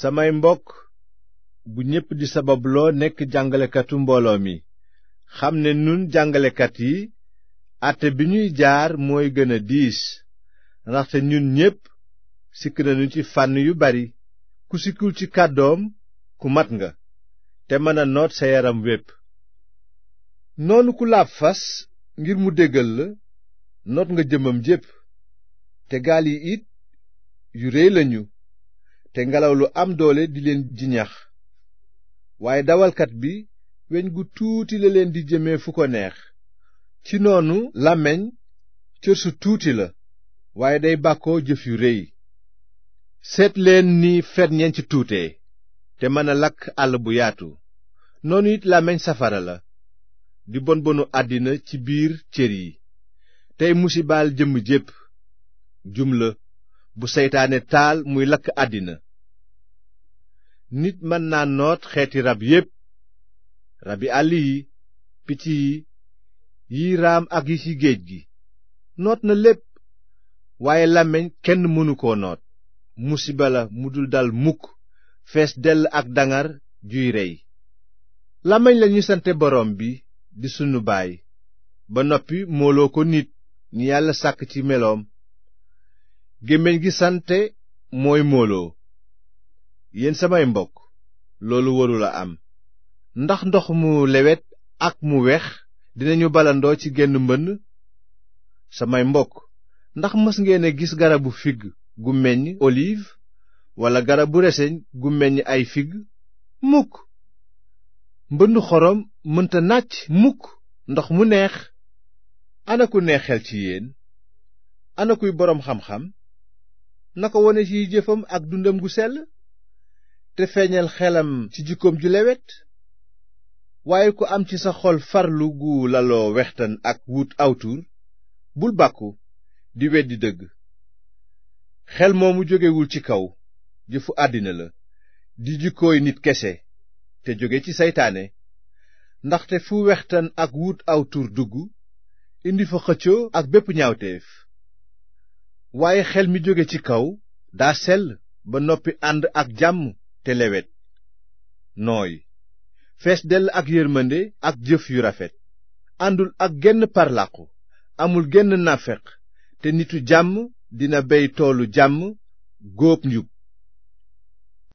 samay mbokk bu ñépp di sababloo nekk jàngalekatu mbooloo mi xam ne nun jàngalekat yi àtte bi ñuy jaar mooy gën a diis ndaxte ñun ñépp sikk nañu ci fànn yu bari ku sikkul ci kàddoom ku mat nga te mëna noot sa yaram wépp noonu ku laab fas ngir mu déggal la noot nga jëmam jépp te gaal yi it yu réy lañu te ngelaw lu am doole di leen jiñax waaye dawalkat bi weñ gu tuuti la leen di jëmee fu ko neex ci noonu làmmeñ cër su tuuti la waaye day bàkkoo jëf yu rëy seet leen ni ferñeent ci tuute te mën a lakk àll bu yaatu noonu it làmmiñ safara la di bon bonu àddina ci biir cër yi tey musibaal jëmm jépp jum la bu seytaane taal muy lakk àddina nit mën na noot xeeti rab yépp rabi àll yi picc yi yi raam ak yi ci géej gi noot na lépp waaye làmmiñ kenn mënu ko noot musiba la mu dul dal mukk fees dell ak dangar juy rey làmmiñ lañu sante boroom bi di sunu baay ba noppi mooloo ko nit ñi yàlla sàkk ci meloom gémmiñ gi sante mooy mooloo yéen samay mbokk loolu a am ndax ndox mu lewet ak mu wex dinañu balandoo ci genn mbënn samay mbokk ndax mës ngeen a gis garabu fig gu meññ olive wala garabu reseñ gu meññ ay fig mukk mbënn xorom mënta nàcc mukk ndox mu neex ana ne xel ci yéen ana boroom xam-xam na ko wone ci jëfam ak dundam gu sell te feeñal xelam ci jikkoom ju lewet waaye ko am ci sa xol farlu gu laloo wextan ak wut awtur bul bàkku di weddi dëgg xel moomu jógewul ci kaw jëfu àddina la di jikkooy nit kese te jóge ci seytaane ndaxte fu wextan ak wut aw tur dugg indi fa xëccoo ak bépp ñaawteef waaye xel mi jóge ci kaw daa sell ba noppi ànd ak jàmm te nooy fees dell ak yërmande ak jëf yu rafet àndul ak genn parlaqu amul genn nafeq te nitu jàmm dina bey toolu jàmm góob njub